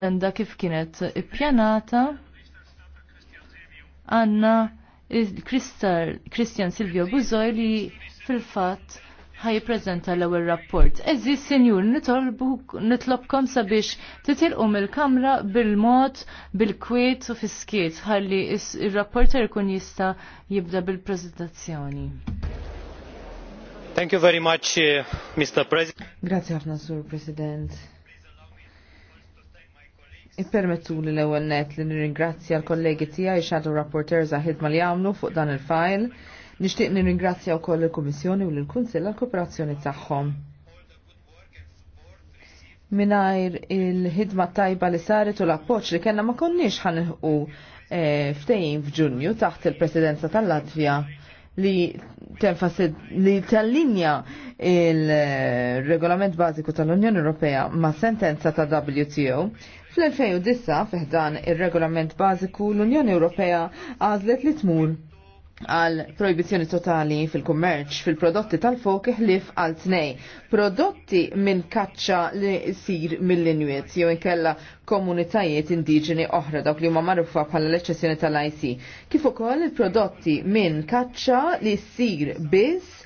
agenda kif kienet ippjanata għanna Christian Silvio Buzoj li fil-fat ħaj prezenta l ewwel rapport. Eżi, senjur, nitlobkom sabiex titilqu mill-kamra bil-mod, bil-kwiet u fiskiet, ħalli il-rapporter kun jista jibda bil-prezentazzjoni. Thank you very much, eh, Mr. President. Grazie ħafna, Sur President. Ippermettu li l-ewwel net li nirringrazzja l-kollegi tiegħi xadu rapporters ħidma li għamlu fuq dan il-fajl. Nixtieq nirringrazzja wkoll il-Kummissjoni u l-Kunsill għall-kooperazzjoni tagħhom. Minajr il-ħidma tajba li saret u l-appoċ li kena ma konniex ħanħu e, eh, ftejn f'Ġunju taħt il-presidenza tal-Latvija li tenfasid li tal-linja il-regolament bażiku tal-Unjoni Ewropea ma' sentenza ta' WTO Fl-2009 fiħdan ir-regolament bażiku l-Unjoni Ewropea għażlet li tmur għal proibizjoni totali fil-kummerċ fil-prodotti tal-fok ħlif għal tnej. Prodotti minn kaċċa li sir mill-inwiet jew inkella komunitajiet indiġeni oħra dawk li huma marufa bħala l-eċċessjoni tal-IC. Kif ukoll il-prodotti minn kaċċa li sir biss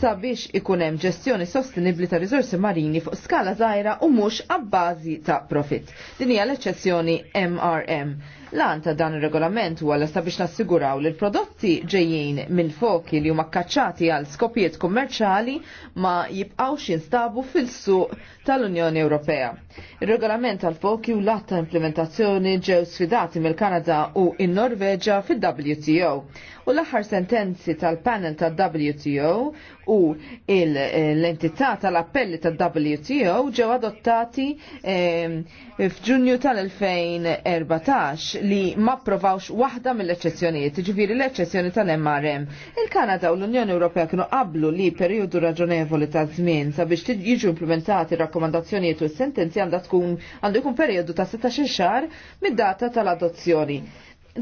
sabiex ikun hemm ġestjoni sostenibbli ta' rizorsi marini fuq skala żgħira u mhux għabbażi ta' profit. Din hija l-eċċezzjoni MRM. Lan ta' dan ir-regolament huwa l sabiex nassiguraw li l-prodotti ġejjin minn foki li huma kkaċċati għal skopijiet kummerċali ma jibqgħux jinstabu fil-suq tal-Unjoni Ewropea. Ir-regolament għal foki u l atta ta' implementazzjoni ġew sfidati mill-Kanada u in-Norveġa fil wto u l-aħħar sentenzi tal-panel tal-WTO u l-entità tal-appelli tal-WTO ġew adottati ehm, f'Ġunju tal-2014 li ma provawx waħda mill-eċezzjonijiet, ġifiri l-eċezzjoni tal-MRM. Il-Kanada u l-Unjoni Ewropea kienu qablu li periodu raġonevoli ta' żmien sabiex jiġu implementati rakkomandazzjonijiet u s-sentenzi għandha tkun għandu jkun periodu ta' 16 xahar mid-data tal-adozzjoni.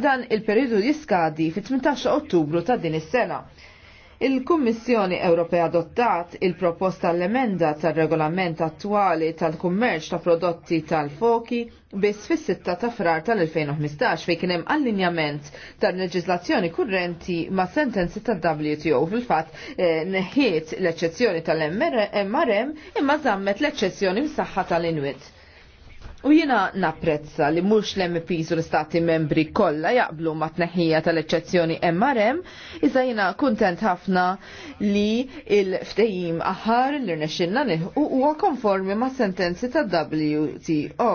Dan il-periodu jiskadi fit-18 Ottubru ta' din is-sena. Il-Kummissjoni Ewropea adottat il-proposta l-emenda tal-regolament attwali tal-kummerċ ta' prodotti tal-foki biss fis sitta ta' frar tal-2015 fejn kienem hemm allinjament tal-leġiżlazzjoni kurrenti ma' sentenzi tal-WTO fil-fatt eh, neħiet l-eċċezzjoni tal-MRM imma zammet l-eċċezzjoni msaħħa tal-Inwit U jina napprezza li mux l-MPs u l-Stati membri kolla jaqblu ma tneħija tal-eċezzjoni MRM, iżda jina kontent ħafna li il-ftejim aħar li rnexxinna u huwa konformi ma' sentenzi ta' WTO.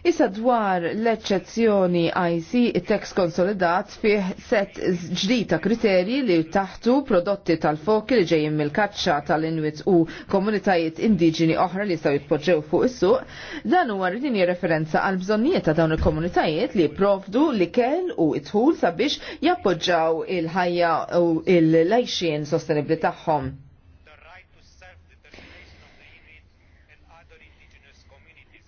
Issa dwar l-eċċezzjoni IC, il-tekst konsolidat fih set ġdita kriterji li taħtu prodotti tal-foki li ġejjin mill-kaċċa tal inwit u komunitajiet indiġini oħra li jistgħu jitpoġġew fuq is-suq, dan huwa ridini referenza għal bżonnijiet ta' dawn il-komunitajiet li provdu li kell u itħul sabiex jappoġġaw il-ħajja u il lajxin sostenibli tagħhom.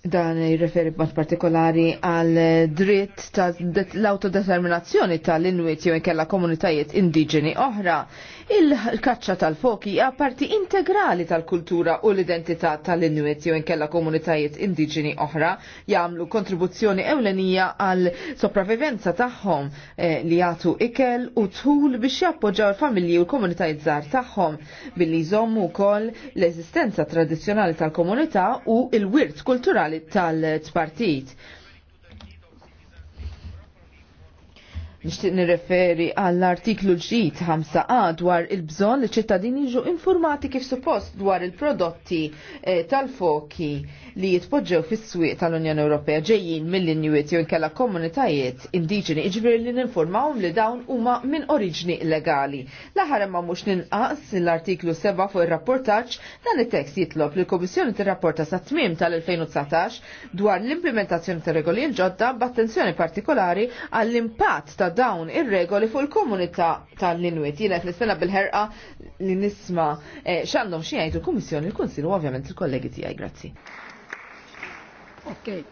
Dan jirreferi b'mod partikolari għal dritt ta' l-autodeterminazzjoni tal-Inuit jew inkella komunitajiet indiġeni oħra. Il-kaċċa tal-foki hija parti integrali tal-kultura u l-identità tal-Inuit jew inkella komunitajiet indiġeni oħra jagħmlu kontribuzzjoni ewlenija għal sopravivenza tagħhom eh, li jagħtu ikel u tul biex jappoġġaw il-familji u l-komunitajiet żgħar tagħhom billi jżommu wkoll l-eżistenza tradizzjonali tal-komunità u l-wirt kulturali tal-tpartit. Nixtieq nirreferi għall-artiklu ġdid 5a dwar il-bżonn li ċittadini jiġu informati kif suppost dwar il-prodotti eh, tal-foki li jitpoġġew fis-swieq tal-Unjoni Ewropea ġejjin mill-Inuit jew inkella komunitajiet indiġeni iġbir jiġifieri li ninformawhom li dawn huma minn oriġni legali. L-aħħar ma mhux ninqas l-artiklu 7 fuq ir-rapportaġġ dan it-tekst jitlob li l-Kummissjoni tirrapporta sa tmiem tal-2019 dwar l-implementazzjoni tar regoli l-ġodda b'attenzjoni partikolari għall-impatt ta' dawn ir-regoli fuq il-komunità tal-Inuit. Jiena qed nistenna bil-ħerqa li nisma' eh, x'għandhom xi jgħidu l-Kummissjoni il-Kunsil u ovvjament il-kollegi tiegħi. Grazzi. Okej.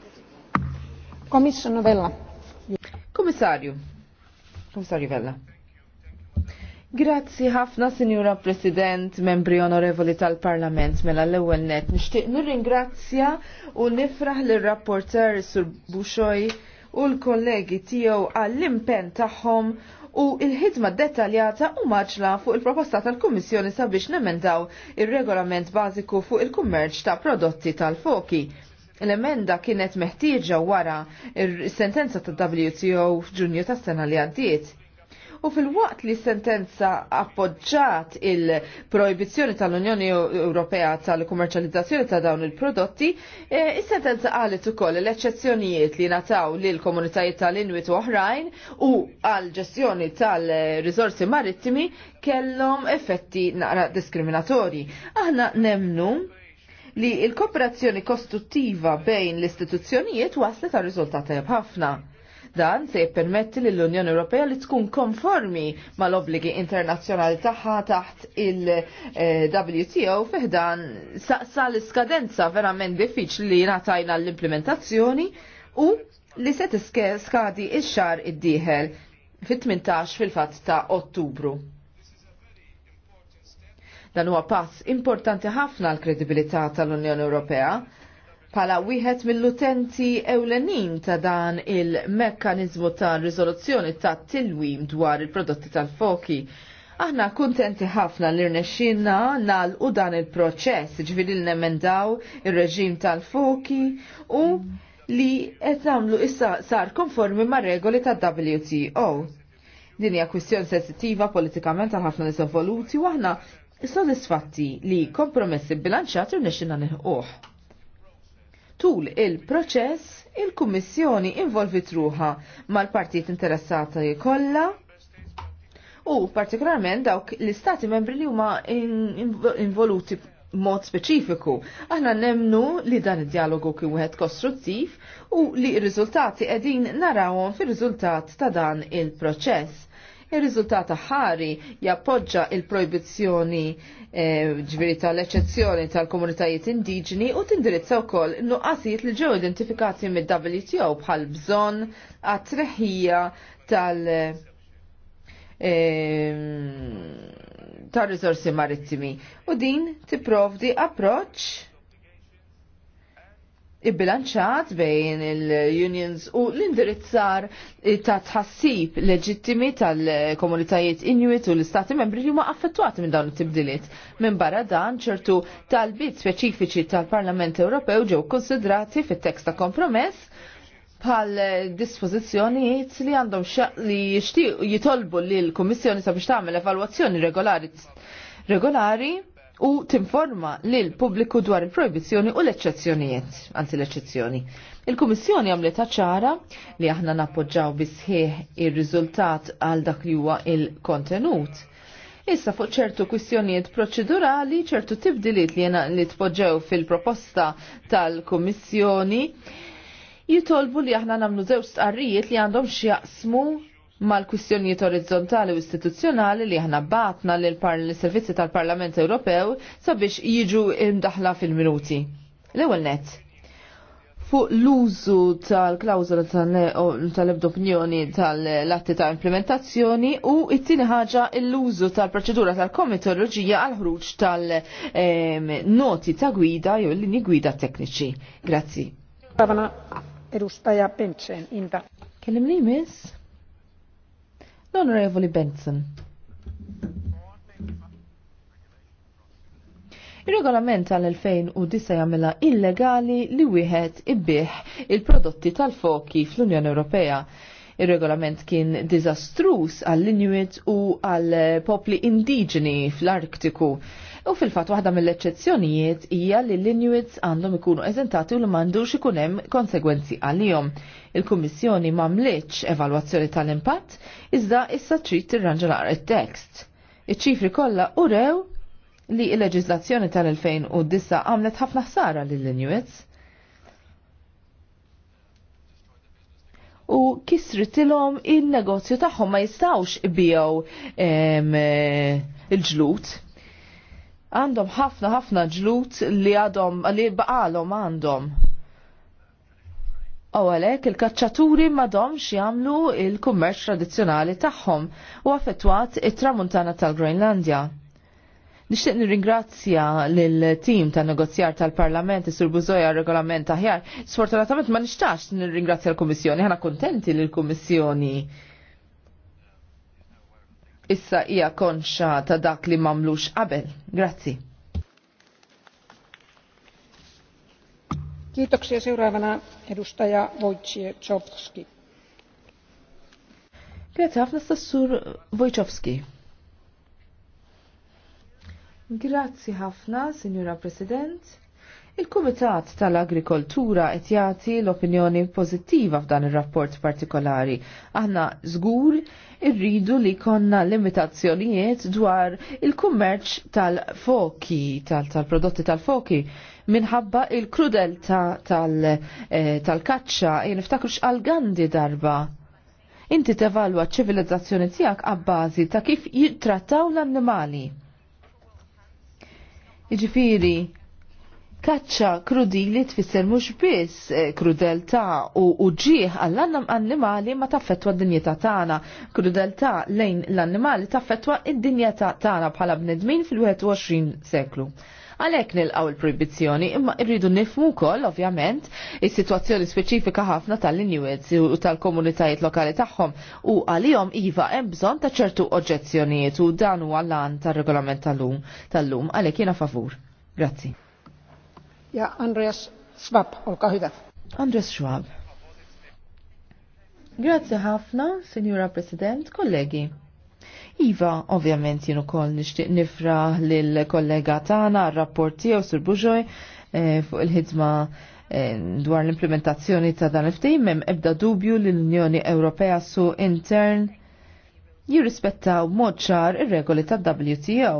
Commissioner Vella. Komissarju. Komissarju Vella. Grazzi ħafna, Sinjura President, membri onorevoli tal-Parlament, mela l-ewel net. Nishtiq nirringrazzja u nifraħ l-rapporter Sur Buxoj u l-kollegi tiegħu għall-impenn tagħhom u il-ħidma dettaljata u maġla fuq il-proposta tal-Kummissjoni sabiex nemendaw il-regolament bażiku fuq il-kummerċ ta' prodotti tal-foki. L-emenda kienet meħtieġa wara il-sentenza ta' WTO f'Ġunju tas-sena li għaddiet u fil-waqt li sentenza appoġġat il-proibizjoni tal-Unjoni Ewropea tal-kummerċalizzazzjoni ta' dawn il-prodotti, eh, is-sentenza qalet ukoll l-eċċezzjonijiet li nataw l komunitajiet tal-Inuit u oħrajn u għal ġestjoni tal rizorsi marittimi kellhom effetti naqra diskriminatorji. Aħna nemnu li il-kooperazzjoni kostruttiva bejn l-istituzzjonijiet waslet għal riżultati ħafna. Dan se jippermetti lill unjoni Ewropea li tkun konformi mal-obbligi internazzjonali tagħha taħt il-WTO fiħdan l iskadenza verament diffiċli li natajna l-implementazzjoni u li se tiskadi skadi ix-xar id-dieħel fit-18 fil-fatt ta' Ottubru. Dan huwa pass importanti ħafna l-kredibilità tal-Unjoni Ewropea pala wieħed mill-utenti ewlenin ta' dan il-mekkanizmu ta' rizoluzzjoni ta' tilwim dwar il-prodotti tal-foki. Aħna kuntenti ħafna li rnexxinna nal u dan il-proċess ġviri l-nemendaw il-reġim tal-foki u li qed nagħmlu issa sar konformi ma' regoli ta' WTO. Din hija kwistjoni sensittiva politikament għal ħafna nies involuti u aħna sodisfatti li kompromessi bilanċat irnexxinna nieħquh tul il-proċess il-Kummissjoni involvit ruħa mal-partijiet interessati kollha u partikolarment dawk l-istati membri li huma involuti mod speċifiku. Aħna nemnu li dan id-dialogu kien wieħed kostruttiv u li r-riżultati qegħdin narawhom fir-riżultat ta' dan il-proċess ir rizultata ħari jappoġġa il-projbizzjoni eh, ġviri tal-eċezzjoni tal-komunitajiet indiġeni u tindirizza wkoll nuqqasijiet li ġew identifikati mid-WTO bħal bżonn għat-treħija tal- eh, tal-rizorsi marittimi. U din tipprovdi approċċ ibbilanċat bejn il-unions u l-indirizzar ta' tħassib leġittimi tal-komunitajiet Inuit u l-istati membri li huma affettwati minn dawn it-tibdiliet. Minn barra dan ċertu tal-bit speċifiċi tal-Parlament Ewropew ġew konsidrati fit-tekst ta' kompromess bħal dispożizzjonijiet li għandhom li jitolbu li l-Kummissjoni sabiex tagħmel evalwazzjoni regolari regolari u tinforma lil pubbliku dwar il-proibizjoni u l-eċċezzjonijiet, anzi l-eċċezzjoni. Il-Kummissjoni għamlet ċara li aħna nappoġġaw bisħieħ ir-riżultat għal dak li huwa il-kontenut. Issa fuq ċertu kwistjonijiet proċedurali, ċertu tibdiliet li jena li tpoġġew fil-proposta tal-Kummissjoni jitolbu li aħna namlu żewġ stqarrijiet li għandhom x'jaqsmu mal-kwistjonijiet orizzontali u istituzzjonali li aħna batna l servizzi tal-Parlament Ewropew sabiex jiġu imdaħla fil-minuti. L-ewwel net. Fuq l-użu tal klawzola tal-ebda opinjoni tal-atti ta' implementazzjoni u it-tieni ħaġa l-użu tal-proċedura tal-komitoloġija għal ħruġ tal-noti ta' gwida jew l-linji gwida tekniċi. Grazzi. Kellimni miss? L-Onorevoli Benson. Ir-regolament tal-2009 jagħmilha illegali li wieħed ibbieħ il-prodotti tal-foki fl-Unjoni Ewropea. Ir-regolament kien diżastrus għall-Inuit u għall popli indiġeni fl-Arktiku. U fil-fat waħda mill-eċċezzjonijiet hija li l-Inuits għandhom ikunu eżentati u li m'għandux ikun hemm konsegwenzi għalihom. Il-Kummissjoni m'għamlitx evalwazzjoni tal-impatt, iżda issa trid tirranġa naqra it text Iċ-ċifri kollha urew li l-leġiżlazzjoni tal-2009 għamlet ħafna ħsara lill-Inuits. u kisritilhom il-negozju tagħhom ma jistawx bijaw eh, il-ġlut għandhom ħafna ħafna ġlut li għadhom li baqalhom għandhom. U għalek il-kacċaturi madomx jamlu il-kummerċ tradizjonali tagħhom u affettwat it-tramuntana tal-Groenlandja. Nixtieq nirringrazzja lill-tim ta' negozjar tal-Parlament is-Sur Bużoja regolament aħjar. Sfortunatament ma nixtax nirringrazzja l-Kummissjoni, ħana kuntenti lill-Kummissjoni issa hija konxa ta' dak li mamlux qabel. Grazzi. Kiitoksia seuraavana edustaja Wojcie Czopski. Grazie, għafna stassur Wojcowski. Grazie, ħafna, Signora President. Il-Kumitat tal-Agrikoltura qed jagħti l-opinjoni pożittiva f'dan ir-rapport partikolari. Aħna żgur irridu li konna limitazzjonijiet dwar il-kummerċ tal-foki, tal-prodotti -tal tal-foki minħabba il-krudelta eh, tal-kaċċa, tal niftakrux għal-gandi darba inti tevalwa ċivilizzazzjoni tiegħek għabbażi ta' kif jittrattaw l-annimali. Iġifiri, kaċċa krudili tfisser mhux biss eh, krudeltà u ġieħ għall-annimali ma taffettwa d-dinjeta tagħna. Krudeltà lejn l-annimali taffettwa d-dinjeta tagħna bħala bnedmin fil-21 seklu għalek nilqaw il-proibizjoni, imma irridu nifmu kol, ovvjament, il-situazzjoni speċifika ħafna tal-Inuits u tal-komunitajiet lokali tagħhom u għalihom iva hemm bżonn ta' ċertu oġġezzjonijiet u dan huwa lan tar-regolament tal-lum tal-lum għalhekk jiena favur. Grazzi. Ja Andreas Schwab, olka hyvä. Andreas Schwab. Grazie ħafna, Signora President, kollegi. Iva, ovvjament jien ukoll nixtieq nifra lil kollega Tana rapporti rapport tiegħu Sur Buġoj eh, fuq il-ħidma eh, dwar l-implementazzjoni ta' dan il-ftehim hemm ebda dubju li l-Unjoni Ewropea su intern jirrispettaw b'mod ċar ir-regoli tad-WTO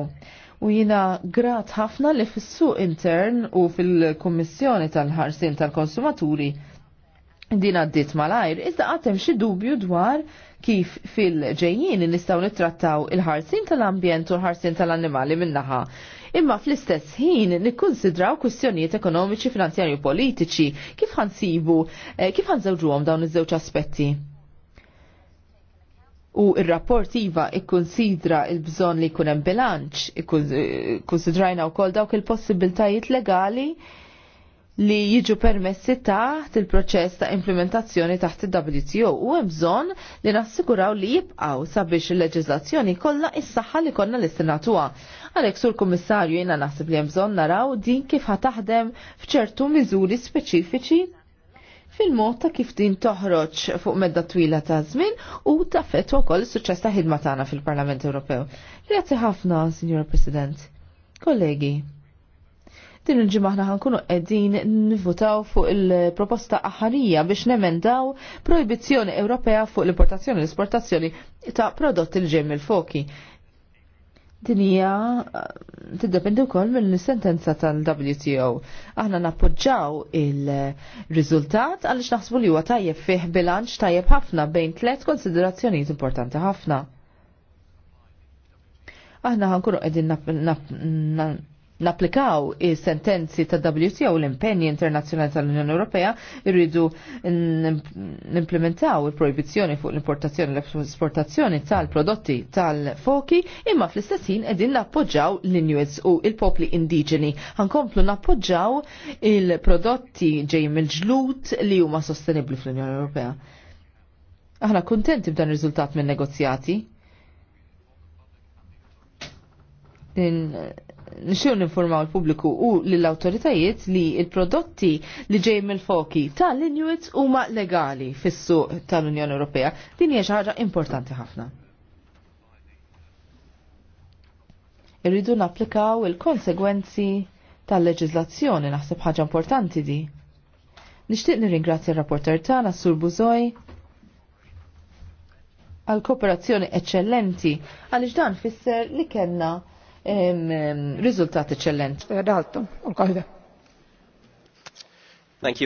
u jina grat ħafna li fis-suq intern u fil-Kummissjoni tal-ħarsin tal-konsumaturi din għaddit għajr iżda għatem xi dubju dwar kif fil ġejjini nistaw nittrattaw il-ħarsin tal-ambjent u l-ħarsin tal-annimali minnaħa. Imma fl-istess ħin nikkonsidraw kwistjonijiet ekonomiċi, finanzjarju politiċi, kif ħansibu, eh, kif ħanżewġuhom dawn iż-żewġ aspetti. U il-rapport iva ikkonsidra il-bżon li kunem bilanċ, ikkonsidrajna u kol dawk il-possibiltajiet legali li jiġu permessi taħt il-proċess ta' implementazzjoni taħt il-WTO u hemm bżonn li nassiguraw li jibqaw sabiex il-leġiżlazzjoni kollha is-saħħa li konna l-istinatuha. Għalhekk sur kummissarju jiena naħseb li hemm bżonn naraw din kif ħataħdem f'ċertu miżuri speċifiċi fil-mod ta' kif din toħroġ fuq medda twila ta' żmien u taffettwa wkoll is-suċċess ta' ħidma tagħna fil-Parlament Ewropew. Grazzi ħafna, Signora President. Kollegi, din il-ġimgħa aħna ħankunu qegħdin nivutaw fuq il-proposta aħarija biex nemendaw proibizzjoni Ewropea fuq l-importazzjoni l-esportazzjoni ta' prodotti l-ġej mill-foki dinija tiddependi wkoll mill-sentenza tal-WTO. Aħna nappoġġaw il-riżultat għaliex naħsbu li huwa tajjeb fih bilanċ tajjeb ħafna bejn tliet konsiderazzjonijiet importanti ħafna. Aħna ħankunu qegħdin l-applikaw is-sentenzi ta' WTO l-impenji internazzjonali tal-Unjoni Ewropea irridu n-implementaw il-proibizjoni fuq l-importazzjoni l-esportazzjoni tal-prodotti tal-foki imma fl istessin edin qegħdin nappoġġaw l-Inuits u il-popli indiġeni. Ħankomplu nappoġġaw il-prodotti ġej mill-ġlut li huma sostenibbli fl-Unjoni Ewropea. Aħna kuntenti b'dan ir-riżultat minn negozjati nixxu ninformaw l-pubbliku u l-autoritajiet li il-prodotti li ġej mill-foki tal-Inuit huma legali fis-suq tal-Unjoni Ewropea. Din hija xi ħaġa importanti ħafna. Irridu napplikaw il-konsegwenzi tal-leġiżlazzjoni naħseb ħaġa importanti di. Nixtieq nirringrazzja r-rapporter tagħna Sur Buzoj għal kooperazzjoni eccellenti għaliex dan fisser li kellna riżultat eċċellent. Dalton, unka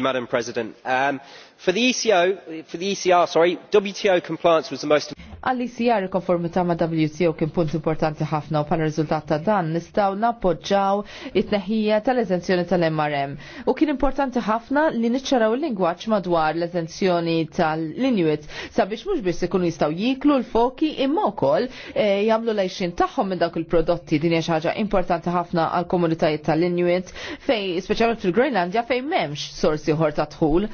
madam president um, for the ecr e sorry wto compliance was the most għalli sijar konformita ma' WTO kien punt importanti ħafna u pal rizultat ta' dan nistaw nappoġġaw it-neħija tal-eżenzjoni tal-MRM. U kien importanti ħafna li niċċaraw il-lingwaċ madwar l-eżenzjoni tal-Inuit sabiex mux biex ikunu jistaw jiklu l-foki imma wkoll e, eh, jamlu lejxin tagħhom minn dawk il-prodotti din hija ħaġa importanti ħafna għal komunitajiet tal-Inuit fej specialment fil-Greenlandja fej m'hemmx sorsi ħor ta' dħul.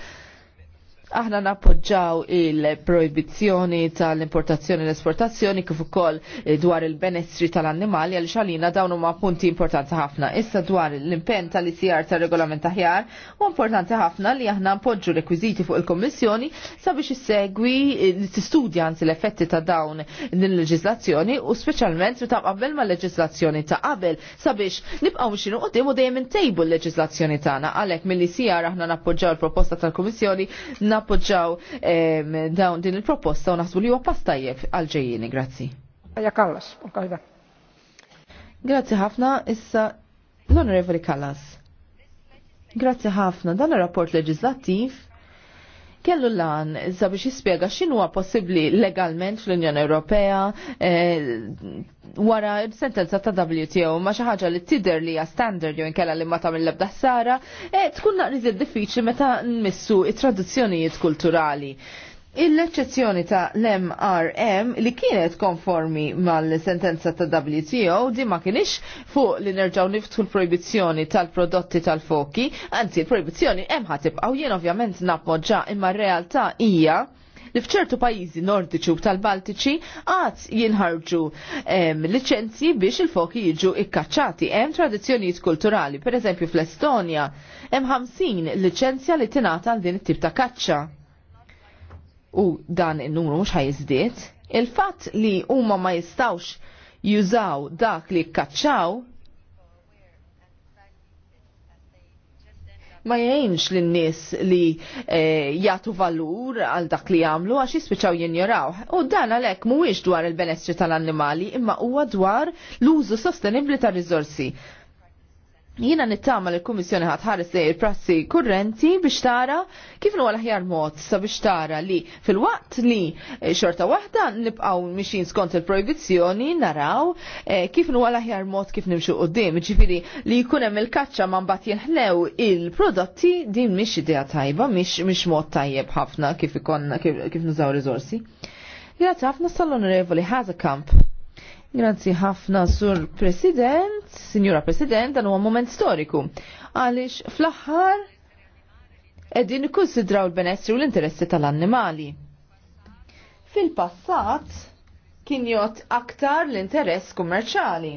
Aħna nappoġġaw il-proibizzjoni tal-importazzjoni l esportazzjoni kif ukoll dwar il benestri tal-annimali għal xalina dawn huma punti importanti ħafna. Issa dwar l-impenn tal-ICR tal-regolament aħjar u importanti ħafna li aħna npoġġu rekwiżiti fuq il-Kommissjoni sabiex issegwi tistudja anzi l-effetti ta' dawn din l-leġislazzjoni u speċjalment meta qabel ma' leġislazzjoni ta' qabel sabiex nibqgħu xinu qudiem u dejjem intejbu l-leġislazzjoni tagħna għalhekk mill sijar aħna nappoġġaw il-proposta tal-Kummissjoni nappoġġaw ehm, dawn din il-proposta u naħsbu li huwa pass tajjeb għal-ġejjieni. Grazzi. Għaja Kallas, Grazzi ħafna, issa l-Onorevoli Kallas. Grazzi ħafna, dan ir-rapport leġislattiv kellu lan sabiex jispjega x'inhuwa possibbli legalment fl-Unjoni Ewropea eh, wara sentenza ta' WTO ma xi ħaġa li tidher li hija standard jew inkella li ma tagħmel l-ebda ħsara, eh, tkun naqrid diffiċli meta nmissu it-tradizzjonijiet kulturali. Il-eċezzjoni ta' l-MRM li kienet konformi mal-sentenza ta' WTO di ma kienix fuq li nerġaw niftħu l-proibizzjoni tal-prodotti tal-foki, anzi l-proibizzjoni hemm għaw jien ovvjament nappoġġa imma r-realtà hija li fċertu pajizi nordiċi u tal-Baltiċi għad jinħarġu licenzji biex il-foki jiġu ikkaċċati. Hemm tradizzjonijiet kulturali, per eżempju fl-Estonja, hemm 50 licenzja li tingħata għal din it-tip ta' kaċċa u dan il-numru mux ħajizdiet, il-fat li huma ma jistawx jużaw dak li kacċaw ma jgħinx l-nis li e, eh, jgħatu valur għal dak li għamlu għax jispiċaw jinjoraw. U dan għalek mhuwiex dwar il-benessri tal-annimali imma huwa dwar l-użu sostenibli tal rizorsi. Jina nittama l-Kummissjoni ħatħares li prassi kurrenti biex tara kif huwa l-aħjar mod sabiex tara li fil-waqt li eh, xorta waħda nibqaw mixin skont il-proibizzjoni naraw eh, kif nuwa l-aħjar mod kif nimxu qudiem, ġifiri li jkun hemm il-kaċċa ma mbagħad jinħlew il-prodotti din mhix idea tajba, mhix mod tajjeb ħafna kif ikonna kif nużaw riżorsi. Grazzi ħafna sal-Onorevoli Ħaża Kamp. Grazzi ħafna sur President, Signora President, dan huwa moment storiku. Għaliex fl-aħħar qegħdin ikkunsidraw l-benessri u l-interessi tal-annimali. Fil-passat kien jgħod aktar l-interess kummerċali.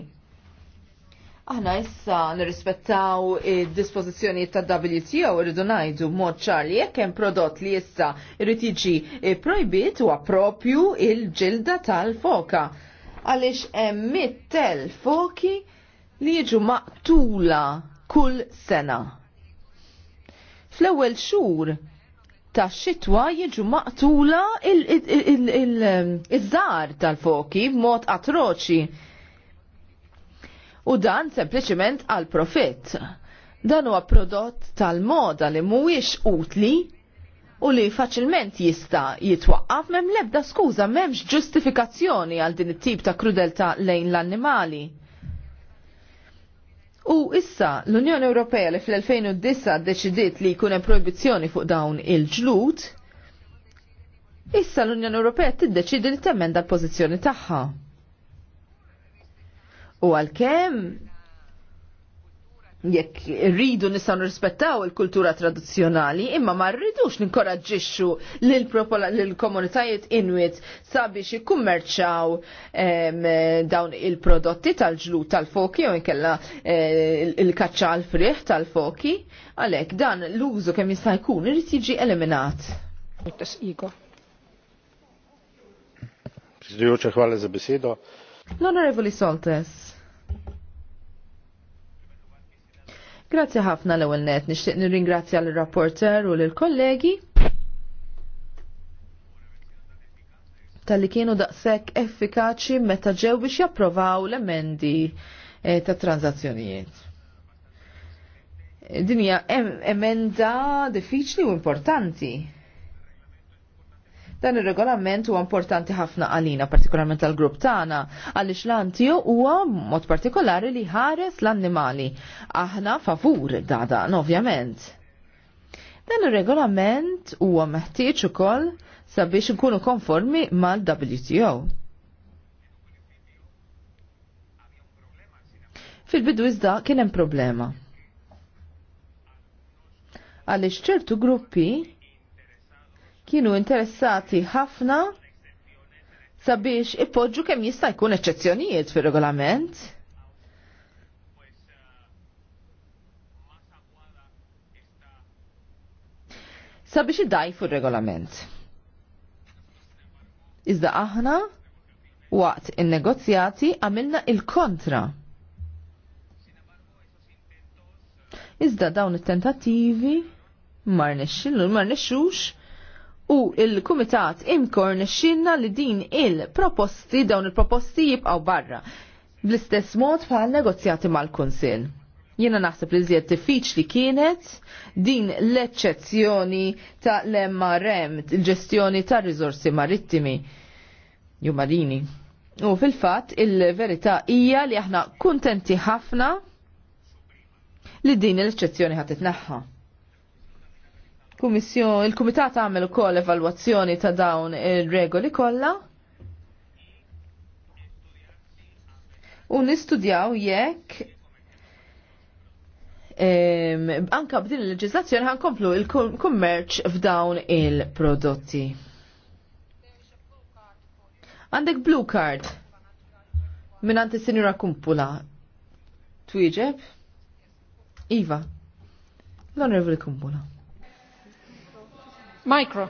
Aħna issa nirrispettaw id-dispożizzjonijiet tad WTO irridu ngħidu mod li jekk hemm prodott li issa irid jiġi eh, projbit huwa propju il-ġilda tal-foka għaliex emmit tel foki li jiġu maqtula kull sena. Fl-ewwel xhur ta' xitwa jiġu maqtula il-żar tal-foki b'mod atroċi. U dan sempliciment għal profitt. Dan huwa prodott tal-moda li mhuwiex utli u li faċilment jista jitwaqqaf mem lebda skuża memx ġustifikazzjoni għal din it-tip ta' krudelta lejn l-annimali. U issa l-Unjoni Ewropea li fl-2009 deċidiet li jkun hemm proibizzjoni fuq dawn il ġlut issa l-Unjoni Ewropea tiddeċidi li temmenda l-pożizzjoni tagħha. U għalkemm jekk rridu nistgħu nirrispettaw il-kultura tradizzjonali, imma ma rridux ninkoraġġixxu lill-komunitajiet inwit sabiex ikkummerċaw dawn il-prodotti tal ġlu tal-foki jew inkella eh, il-kaċċa għal friħ tal-foki, għalhekk dan l-użu kemm jista' jkun irid jiġi eliminat. L-Onorevoli Soltes. Grazzi ħafna l-ewwel net, nixtieq nirringrazzja l-rapporter u l-kollegi tal-li kienu daqshekk effikaċi meta ġew biex japprovaw l-emendi e, ta' tranzazzjonijiet. Dinja emenda diffiċli u importanti. Dan ir-regolament huwa importanti ħafna għalina, partikolarment tal grupp tagħna, għaliex lan tiegħu huwa mod partikolari li ħares l-annimali. Aħna favur dadan, ovvjament. Dan ir-regolament huwa meħtieġ ukoll sabiex nkunu konformi mal-WTO. Fil-bidu iżda kien hemm problema. Għaliex ċertu gruppi kienu interessati ħafna sabiex ipoġġu kemm jista' jkun eċċezzjonijiet fir-regolament. Sabiex idajfu r-regolament. Iżda aħna waqt in-negozjati għamilna il-kontra. Iżda dawn it-tentattivi mar nexxillu, mar nexxux, u il-Kumitat imkor nixxinna li din il-proposti dawn il-proposti jibqaw barra bl-istess mod bħal negozjati mal-Kunsil. Jiena naħseb li zjed tiffiċ li kienet din l-eċċezzjoni ta' l rem il-ġestjoni ta' rizorsi marittimi marini. U fil-fat, il-verità hija li aħna kuntenti ħafna li din l-eċċezzjoni ħatit naħħa il-Kumitat għamel ukoll evalwazzjoni ta' dawn ir-regoli kollha. U nistudjaw jekk anka b'din il-leġislazzjoni ħankomplu il-kummerċ f'dawn il-prodotti. Għandek blue card minn għanti sinjura kumpula. Twieġeb? Iva. L-onorevoli kumpula. Micro.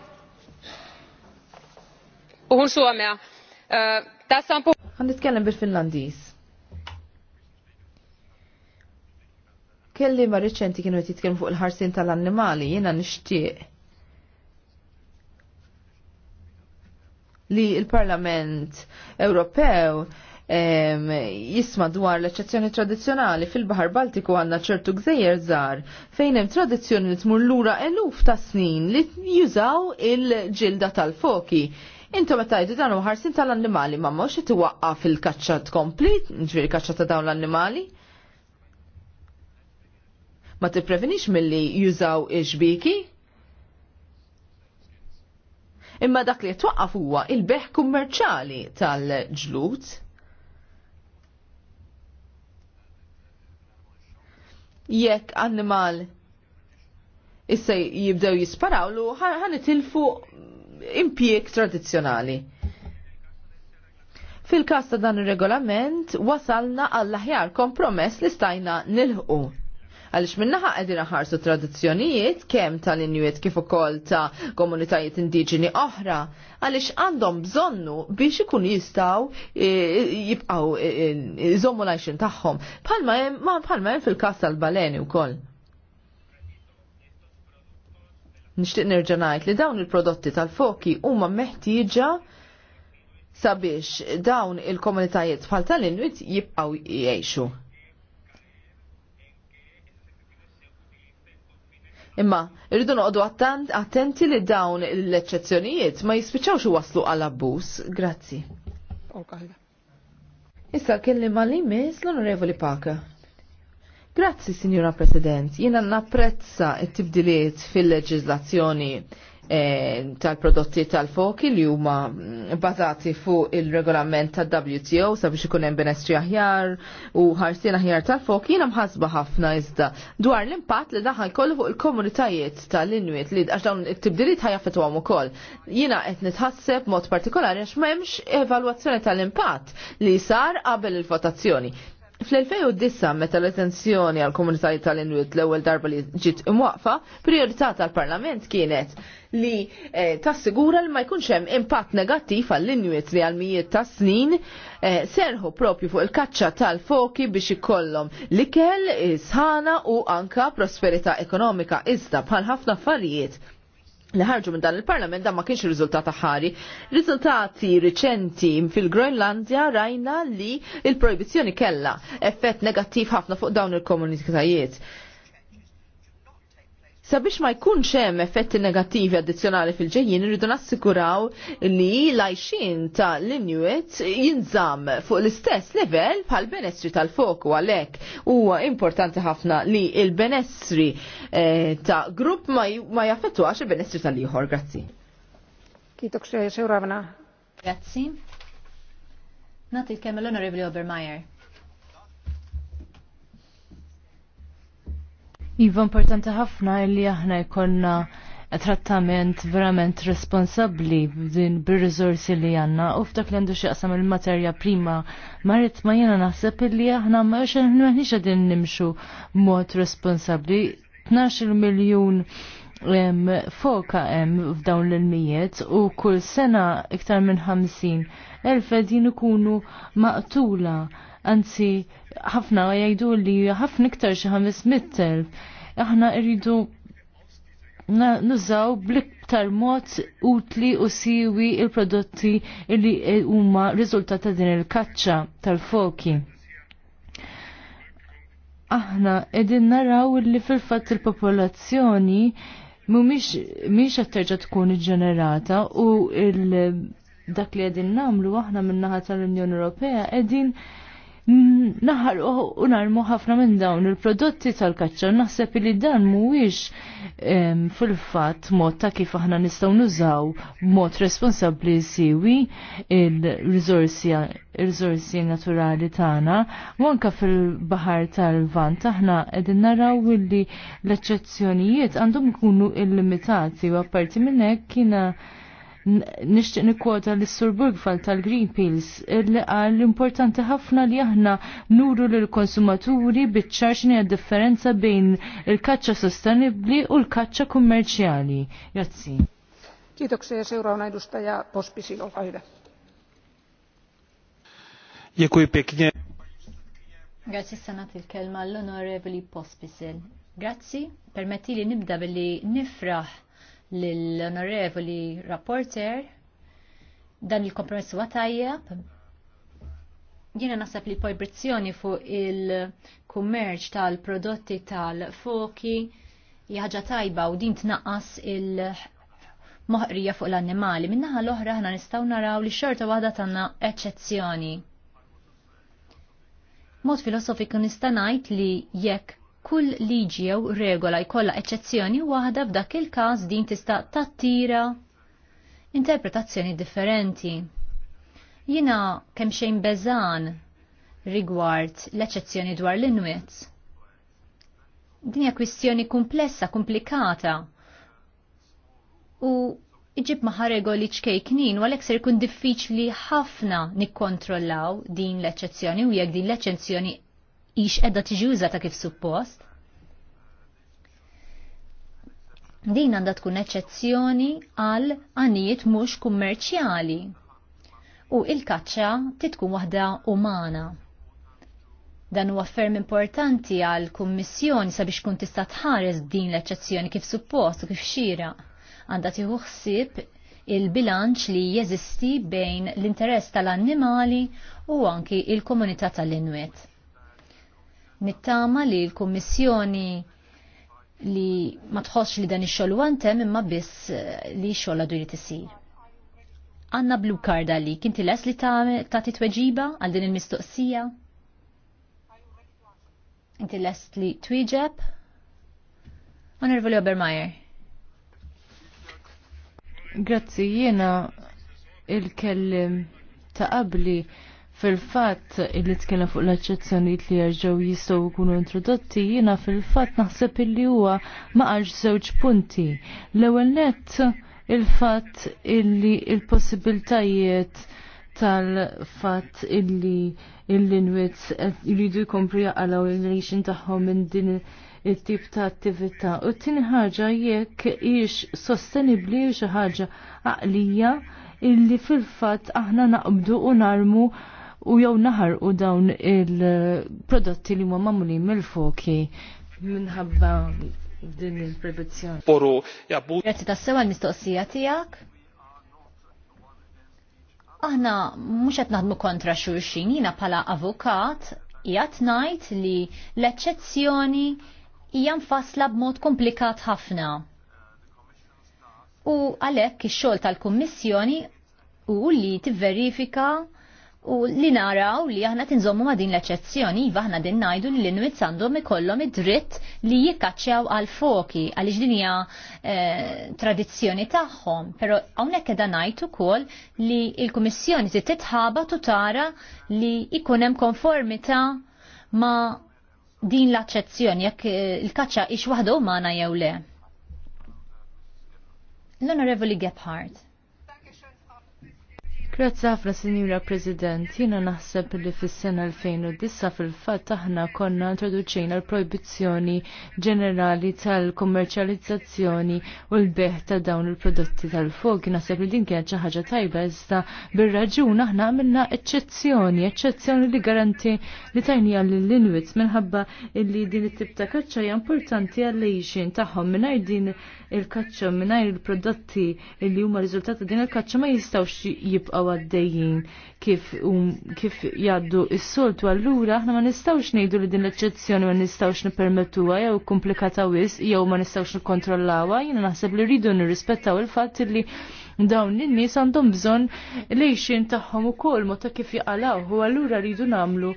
Puhun suomea. Tässä on puhuttu... bil-Finlandis. Kelli ma reċenti kienu jitkellem fuq il-ħarsin tal-annimali, jena nishtiq. Li il-Parlament Ewropew jisma dwar l-eċezzjoni tradizjonali fil-Bahar Baltiku għanna ċertu gżejjer żgħar fejn hemm tradizzjoni li tmur lura eluf ta' snin li jużaw il-ġilda tal-foki. Intom qed tgħidu dan ħarsin tal-annimali ma mhux qed iwaqqaf il-kaċċa tkompli, ġifieri kaċċa ta' dawn l-annimali. Ma tipprevenix milli jużaw iġbiki? Imma dak li twaqqaf huwa il-beħ kummerċali tal-ġlut. jekk animal issa jibdew jisparawlu, ħan itilfu impjek tradizjonali. Fil-kas ta' dan ir regolament wasalna għall-aħjar kompromess li stajna nilħu. Għaliex minnaħa qegħdin ħarsu tradizzjonijiet kemm tal-Inuit kif ukoll ta' komunitajiet indiġeni oħra għaliex għandhom bżonnu biex ikun jistgħu e, jibqgħu e, e, jżommu l taħħom. tagħhom. Palma jem hemm fil-każ tal-baleni wkoll. Nixtieq nerġa' ngħid li dawn il-prodotti tal-foki huma meħtieġa sabiex dawn il-komunitajiet bħal tal-Inuit jibqaw jiexu. Imma, irridu noqdu attenti li dawn l eccezzjonijiet ma xu waslu għal abbus Grazzi. Issa kelli ma li mis l-onorevoli Paka. Grazzi, Signora President. Jina napprezza it-tibdiliet fil-leġizlazzjoni Eh, tal-prodotti tal-foki li huma mm, bazati fuq il-regolament tal-WTO sabiex ikun hemm benestri aħjar u ħarsien aħjar tal-foki jiena mħasba ħafna iżda dwar l-impatt li daħal jkollu fuq il-komunitajiet tal-inwiet li għax dawn it-tibdiliet ħajafetwhom ukoll. Jiena qed nitħasseb mod partikolari għax m'hemmx evalwazzjoni tal-impatt li sar qabel il-votazzjoni. Fl-2009 meta l-attenzjoni għal komunitajiet tal-Inuit l-ewwel darba li ġiet imwaqfa, priorità tal-Parlament kienet li eh, tassigura li ma jkunx hemm impatt negattiv għall-Inuit li għal mijiet ta' snin eh, serħu propju fuq il-kaċċa tal-foki biex ikollhom l-ikel, eh, sħana u anka prosperità ekonomika iżda bħal ħafna affarijiet li ħarġu minn dan il-parlament dan ma kienx riżultat ħari. Riżultati riċenti fil-Groenlandja rajna li il-proibizzjoni kella effett negattiv ħafna fuq dawn il-komunitajiet. Sabiex ma jkunx hemm effetti negattivi addizzjonali fil-ġejjin, irridu nassikuraw li l-għajxin ta' l-Inuit jinżamm fuq l-istess level bħal benessri tal-foku għalhekk huwa importanti ħafna li l-benessri eh, ta' grupp ma, ma jaffettwax il-benessri tal-ieħor. Grazzi. Kitok xewravna. Grazzi. Nagħti l-kemm l-Onorevoli Obermeyer. Iva importanti ħafna li aħna jkollna trattament verament responsabli din bir-rizorsi li għanna u f'dak li għandu xieqsam il-materja prima marit ma jena naħseb illi aħna ma xen maħniċ għadin nimxu mod responsabli 12 miljon foka hemm f'dawn l miet u kull sena iktar minn 50 elf din ikunu maqtula anzi ħafna jgħidu li ħafna iktar xi 500 elf aħna rridu nużaw bliktar mod utli u siwi il-prodotti li huma rizultata din il-kaċċa tal-foki. Aħna edin naraw li fil-fatt il-popolazzjoni mumiex miex terġa' tkun ġenerata u il dak li qegħdin nagħmlu aħna min-naħa tal-Unjoni Ewropea qegħdin Naħarqu u narmu ħafna minn dawn il-prodotti tal-kaċċa naħseb li dan mhuwiex fil-fatt mod ta' kif aħna nistgħu nużaw mod responsabbli siwi il-riżorsi naturali tagħna u anke fil-baħar tal-Vant aħna qegħdin naraw illi l-eċċezzjonijiet għandhom ikunu illimitati u apparti minn hekk kiena nixtieq nikkwota lis sur Burgfall tal-Green Pills li għal importanti ħafna li aħna nuru l konsumaturi biċ għad differenza bejn il-kaċċa sostenibbli u l-kaċċa kummerċjali. Grazzi. Kiitoksia seuraavana edustaja Pospisil, olkaa hyvä. Dziękuję pięknie. Grazie sanat il-kelma l-onorevoli Pospisil. Grazzi, permetti li nibda billi nifraħ l-onorevoli rapporter dan il-kompromess huwa tajjeb. Jiena naħseb li pojbrizzjoni fuq il-kummerċ tal-prodotti tal-foki hija tajba u din tnaqqas il- moħqrija fuq l-annimali. Minnaħa l-oħra ħna nistaw naraw li xorta waħda tanna eċċezzjoni. Mod filosofiku nistanajt li jekk kull liġi jew regola jkollha eċċezzjoni waħda f'dak il-każ din tista' tattira interpretazzjoni differenti. Jina kemm xejn beżan rigward l-eċċezzjoni dwar l-inwiet. Din hija kwistjoni komplessa, komplikata. U iġib maħa regoli ċkejknin, u għalhekk ser kun diffiċli ħafna nikkontrollaw din l-eċċezzjoni u jek din l-eċċezzjoni ix edda tiġi ta' kif suppost. Din għandha tkun eċċezzjoni għal għanijiet mhux kummerċjali u il-kaċċa titkun waħda umana. Dan huwa ferm importanti għal kummissjoni sabiex kun tista' tħares din l-eċċezzjoni kif suppost u kif xira. Għandha tieħu ħsieb il-bilanċ li jeżisti bejn l-interess tal-annimali u anki il-komunità tal-inwet. Nittama li l-Kommissjoni li ma tħossx li dan ix-xogħol wantem imma biss eh, li x-xogħol għadu jrid isir. Anna blu karda li kinti les li tagħti tweġiba għal din il-mistoqsija? Inti les li twieġeb? Onorevoli Obermeyer. Grazzi, jiena il-kellim ta' qabli fil-fatt illi tkellem fuq l-eċċezzjonijiet li jerġgħu jistgħu jkunu introdotti, jiena fil-fatt naħseb illi huwa ma zewġ żewġ punti. L-ewwel nett il-fatt illi il-possibiltajiet tal-fatt illi l-inwit jridu jkomplu għalaw il-relation tagħhom minn din il-tip ta' attività. U t-tini ħaġa jekk ix sostenibli xi ħaġa għaqlija illi fil-fatt aħna naqbdu u narmu u jew naħar u dawn il-prodotti li huma mamuli mill-foki minħabba din il-proibizzjoni. Poru, jabbu. Grazzi ta' sewa l-mistoqsija tijak. Aħna mhux qed naħdmu kontra xulxin, jina bħala avukat jgħat ngħid li l-eċċezzjoni hija mfassla b'mod komplikat ħafna. U għalhekk ix-xogħol tal-Kummissjoni u li tivverifika verifika u li naraw li aħna tinżommu ma din l-eċezzjoni, iva aħna din najdu li l-Inuit għandhom ikollhom id-dritt li jikkaċċjaw għal foki għaliex din hija eh, tradizzjoni tagħhom. Però hawnhekk qiegħda ngħid ukoll li l-Kummissjoni trid titħaba tara li jkun hemm konformità ma' din l-aċċezzjoni jekk eh, il-kaċċa ix waħda umana jew le. L-Onorevoli Gephardt. Grazzi ħafna Sinjura President, jiena naħseb li fis-sena 2009 fil-fatt aħna konna introduċejna l-proibizzjoni ġenerali tal-kommerċjalizzazzjoni u l-beħ ta' dawn il-prodotti tal-fuq. Naħseb li din kienet xi ħaġa tajba iżda bir-raġun aħna għamilna eċċezzjoni, eċċezzjoni li garanti li tajnija lill inwitz minħabba li din it-tip ta' kaċċa hija importanti għal-lejxin tagħhom mingħajr din il-kaċċa mingħajr il-prodotti li huma riżultat din il-kaċċa ma jistgħux jibqgħu jibqaw kif, um, kif jaddu s-soltu għallura, aħna ma nistawx nejdu li din l-eċezzjoni ma nistawx nipermettuha jew komplikata wis, jew ma nistawx nikkontrollawha, jiena naħseb li rridu nirrispettaw il-fatt li dawn in-nies għandhom bżonn lejxin tagħhom ukoll mod ta' kif jgħalaw, u allura rridu nagħmlu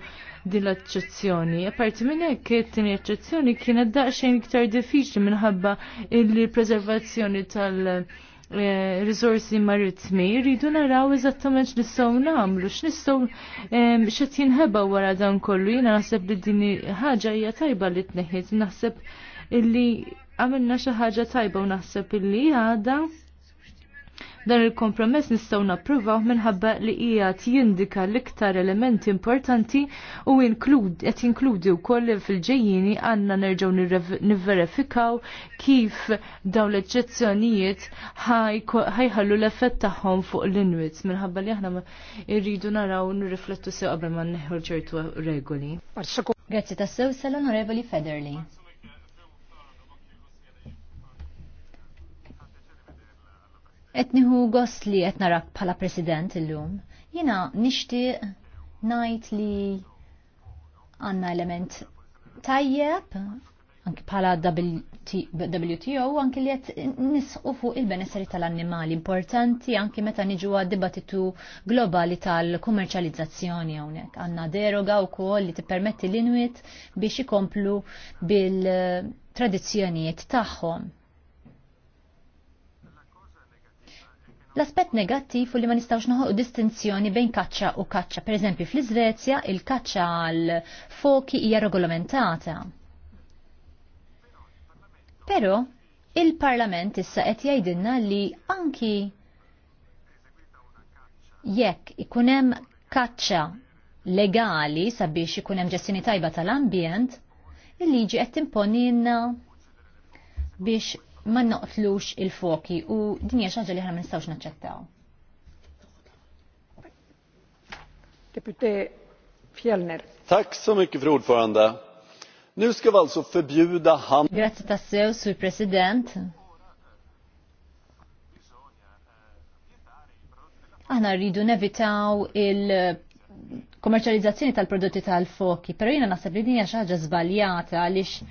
din l-eċċezzjoni. Apparti minn hekk it-tieni eċċezzjoni kienet daqsxejn iktar diffiċli minħabba il-preservazzjoni tal- Eh, risorsi maritmi, rridu naraw eżattament x'nistgħu nagħmlu, x'nistgħu x'qed jinħeba wara dan kollu. Jiena naħseb li din ħaġa hija tajba li tneħħit, naħseb illi għamilna xi ħaġa tajba u naħseb illi għadha Dan il-kompromess nistgħu nappruvaw minħabba li ijat jindika l-iktar elementi importanti u qed jinkludi wkoll fil-ġejjini għandna nerġgħu nivverifikaw kif dawn l-eċċezzjonijiet ħajħallu l-effett tagħhom fuq l-inwit minħabba li aħna irridu naraw nirriflettu sew qabel ma nneħħu ċertu regoli. Grazie tassew sal-Onorevoli Federli. etniħu gost li qed narak bħala president illum. Jiena nixtieq ngħid li għandna element tajjeb anki bħala WTO anki li qed nisqu fuq il benessari tal-annimali importanti anki meta niġu dibattitu globali tal kommerċalizzazzjoni hawnhekk. Għanna deroga wkoll li tippermetti l-inwit biex ikomplu bil-tradizzjonijiet tagħhom l aspet negattiv u li ma nistawx noħu distinzjoni bejn kaċċa u kaċċa. Per eżempju, fl-Iżvezja il-kaċċa għal foki hija regolamentata. Però il-Parlament issa qed jgħidilna li anki jekk ikun hemm kaċċa legali sabiex ikun hemm tajba tal-ambjent, il-liġi qed timponi biex ma naqtlux il-foki u din hija xaġa li ħana ma nistgħux naċċettaw. Deputé Fjellner. Tack så mycket för ordförande. Nu ska vi alltså förbjuda handel. Grazie tassew, sur president. Aħna rridu nevitaw il- kommerċializzazzjoni tal-prodotti tal-foki, pero jina nasab li dinja xaħġa zbaljata għalix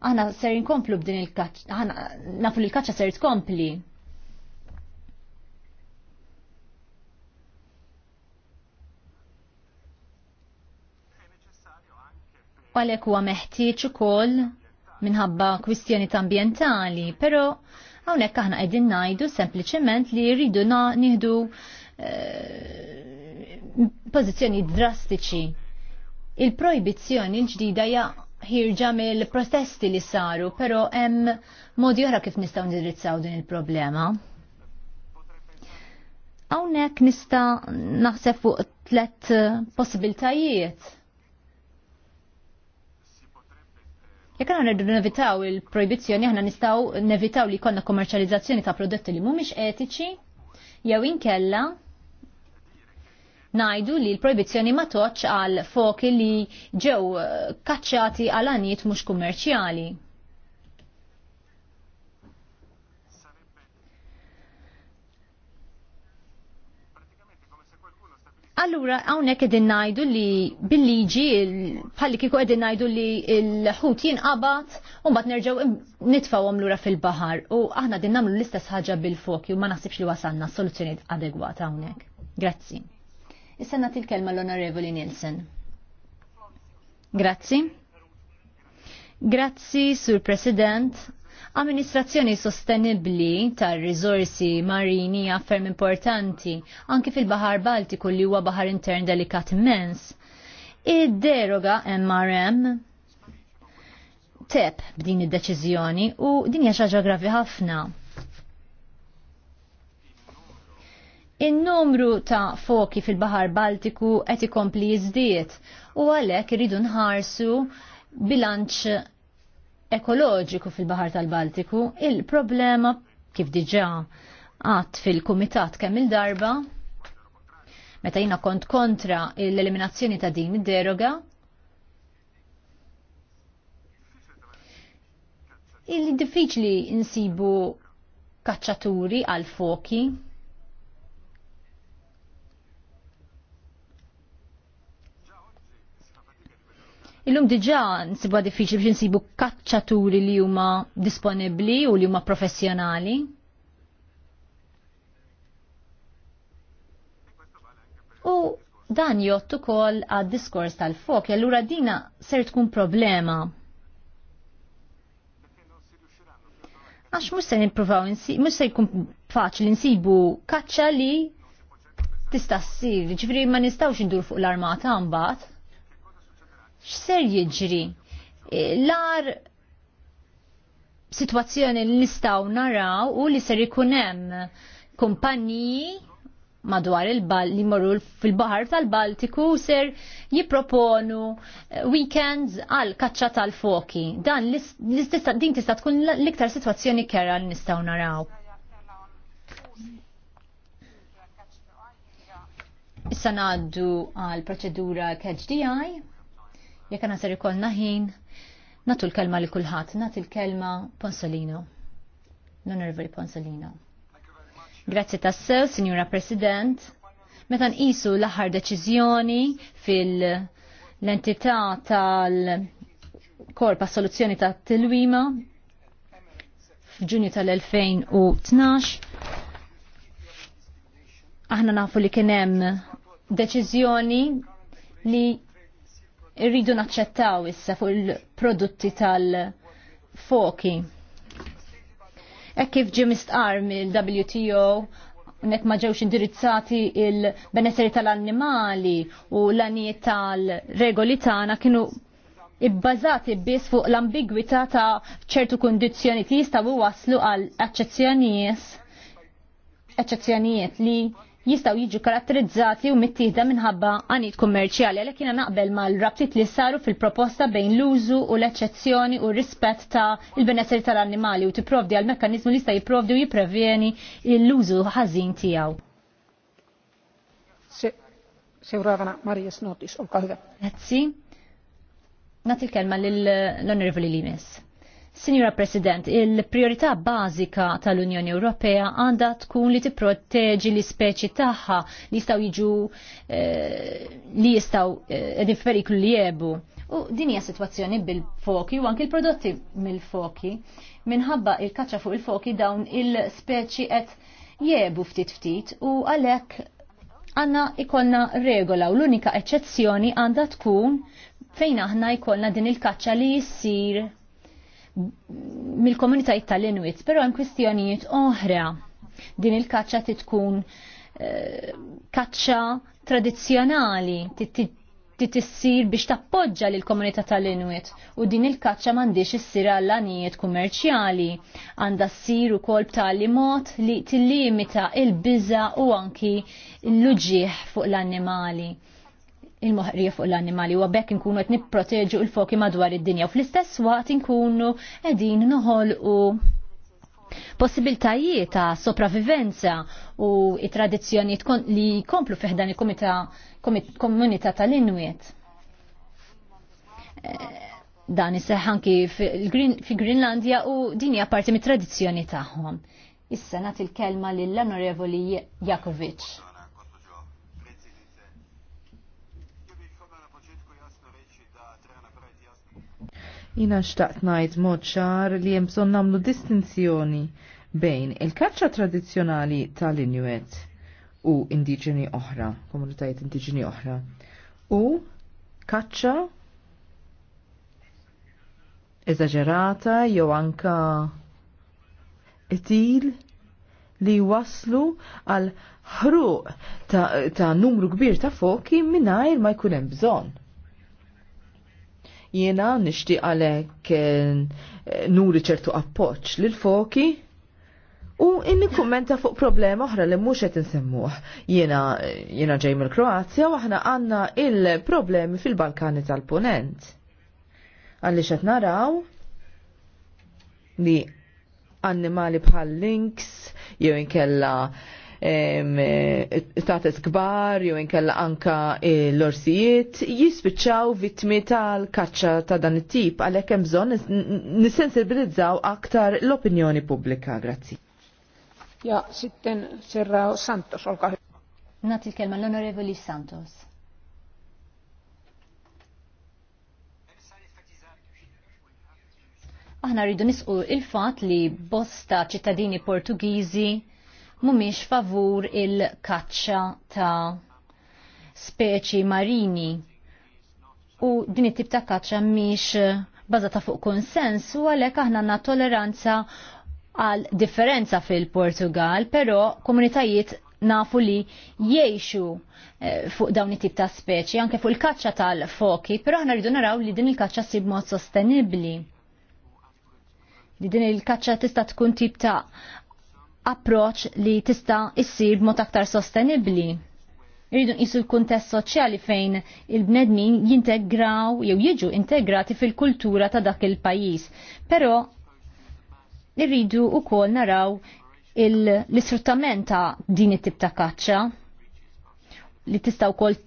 Aħna ser inkomplu b'din il-kaċċa, għana nafu li l-kaċċa ser tkompli. għalek huwa meħtieġ ukoll minħabba kwistjoni ambjentali, però hawnhekk aħna qegħdin ngħidu sempliċement li jridu nieħdu eh, pożizzjoni drastiċi. Il-projbizzjoni l-ġdida hija ħirġa mill-protesti li saru, pero hemm modi oħra kif nistgħu nidrizzaw din il-problema. Hawnhekk nista' naħseb fuq tlet possibiltajiet. Jekk aħna rridu nevitaw il-projbizzjoni, aħna nistgħu nevitaw li jkollna kommerċjalizzazzjoni ta' prodotti li mhumiex etiċi jew inkella najdu li l-proibizzjoni ma toċ għal foki li ġew eh, kacċati għal anijiet mhux kummerċjali. Allura, għawnek edin najdu li bil-liġi, bħalli kiku edin najdu li l-ħut jinqabat, un bat nerġaw nitfaw lura fil-bahar. U aħna din namlu l-istess ħaġa bil-fokju, ma naħsibx li wasanna soluzzjoni adegwata għawnek. Grazzi. Issa nagħti il-kelma l-Onorevoli Nielsen. Grazzi. Grazzi, Sur President. Amministrazzjoni sostenibli tar riżorsi marini affermi importanti anke fil-Bahar Baltiku li huwa bahar intern delikat immens. Id-deroga MRM tep b'din id-deċiżjoni u din hija xaġa gravi ħafna In-numru ta' foki fil-Bahar Baltiku qed ikompli jiżdied u għalhekk iridu nħarsu bilanċ ekoloġiku fil-Bahar tal-Baltiku. Il-problema kif diġà għat fil-Kumitat kemm il-darba meta jina kont kontra l-eliminazzjoni ta' din id-deroga il-diffiċli insibu kacċaturi għal foki Illum diġà nsibwa diffiċli biex insibu kaċċaturi li huma disponibbli u li huma professjonali. U dan jott ukoll għad diskors tal-fok, e allura dina ser tkun problema. Għax mux se nipruvaw, mux se jkun faċli nsibu kaċċa li tista' ssir, ġifri ma nistawx indur fuq l-armata mbagħad x'ser jiġri. Eh, l-ar situazzjoni li nistaw naraw u li ser ikun hemm kumpaniji madwar il-bal li morru fil-bahar tal-Baltiku ser jiproponu eh, weekends għal kaċċa tal-foki. Dan din tista' tkun l-iktar situazzjoni kera li nistgħu naraw. Issa ngħaddu għal proċedura KHDI jekk għana ser ikollna ħin, natu l-kelma li kulħadd, natu l-kelma Ponsolino. l honorable Ponsolino. Grazzi tassew, Signora President. Meta nqisu l-aħħar deċiżjoni fil-entità tal-korpa soluzzjoni ta' tilwima f'Ġunju tal-2012 aħna nafu li kien hemm deċiżjoni li irridu naċċettaw issa fuq il-prodotti tal-foki. Ek kif ġim istqar mill-WTO nek ma ġewx indirizzati il-benesseri tal-annimali u l-anijiet tal-regoli tagħna kienu ibbażati biss fuq l-ambigwità ta' ċertu kundizzjoni jistgħu waslu għal eċċezzjonijiet eċċezzjonijiet li jistaw jiġu karatterizzati u mittieħda minħabba għanit kummerċjali għalhekk jina naqbel mal-rabtiet li saru fil-proposta bejn l-użu u l-eċċezzjoni u rispett ta' il-benesseri tal-annimali u tipprovdi għal mekkaniżmu li jista' jiprovdi u jiprevjeni l-użu ħażin tiegħu. Sewravana Marija Snotis, olka Grazzi. Nagħti l-kelma lill-Onorevoli Limes. Signora President, il-priorità bażika tal-Unjoni Ewropea għandha tkun li tipproteġi l speċi tagħha li jistgħu jiġu eh, li jistgħu qegħdin eh, f'periklu li jebu. U din hija sitwazzjoni bil-foki u anki l-prodotti mill-foki minħabba il-kaċċa fuq il-foki dawn il-speċi qed jebu ftit ftit u għalhekk għanna ikolna regola u l-unika eccezzjoni għanda tkun fejn aħna ikolna din il-kaċċa li jissir mill-komunitajiet tal-Inuit, però hemm kwistjonijiet oħra. Din il-kaċċa titkun eh, kaċċa tradizzjonali titissir biex tappoġġa l komunità tal-Inuit u din il-kaċċa m'għandix issir għall anijiet kummerċjali għandha ssir ukoll b'tali mod li tillimita il-biża u anki l-luġieħ fuq l-annimali il-moħrija fuq l-annimali u għabek nkunu għet nipproteġu il-foki madwar id-dinja u fl-istess waqt nkunu edin nħol u possibiltajiet ta' sopravivenza u it-tradizzjoni li komplu fiħdan il-komunità tal inwiet Dan eh, is-seħan anki fi Greenlandia u dinja parti mit-tradizzjoni tagħhom. Issa nagħti il-kelma lill-Onorevoli Jakovic. Jina xtaqt najt mod ċar li jemson namlu distinzjoni bejn il-kaċċa tradizjonali tal-Inuit u indiġeni oħra, komunitajiet indiġeni oħra, u kaċċa eżaġerata jew anka etil li waslu għal ħruq ta', ta numru kbir ta' foki minnajr ma' jkunem bżon. Jiena nixtieq għalek eh, nuri ċertu appoġġ lil foki u inni kummenta fuq problema oħra li mhux qed insemmuh. Jiena jiena ġej mill-Kroazja u aħna għandna il-problemi fil-Balkani tal-Punent. Għaliex qed naraw li annimali bħal links jew inkella tatet kbar jew inkella anka eh, l-orsijiet jispiċċaw vittmi tal-kaċċa ta' dan it-tip għalhekk hemm bżonn nissensibilizzaw aktar l-opinjoni pubblika. Grazzi. Ja, sitten Serra Santos, olka. Nati kelma l-Onorevoli Santos. aħna rridu nisqu il-fat li bosta ċittadini Portugiżi mumiex favur il-kaċċa ta' speċi marini u din it-tip ta' kaċċa miex bazata fuq konsens u għalhekk aħna għandna toleranza għal differenza fil-Portugal, però komunitajiet nafu li jiexu eh, fuq dawn it-tip ta' speċi, anke fuq il-kaċċa tal-foki, però aħna rridu naraw li din il-kaċċa sib mod sostenibbli. Li din il-kaċċa tista' tkun tip ta' approċ li tista' issir b'mod aktar sostenibbli. Irridu nqisu l-kuntest soċjali fejn il-bnedmin jintegraw jew jiġu integrati fil-kultura ta' dak il-pajjiż. Però irridu wkoll naraw l-isfruttament ta' din it-tip ta' kaċċa li tista' wkoll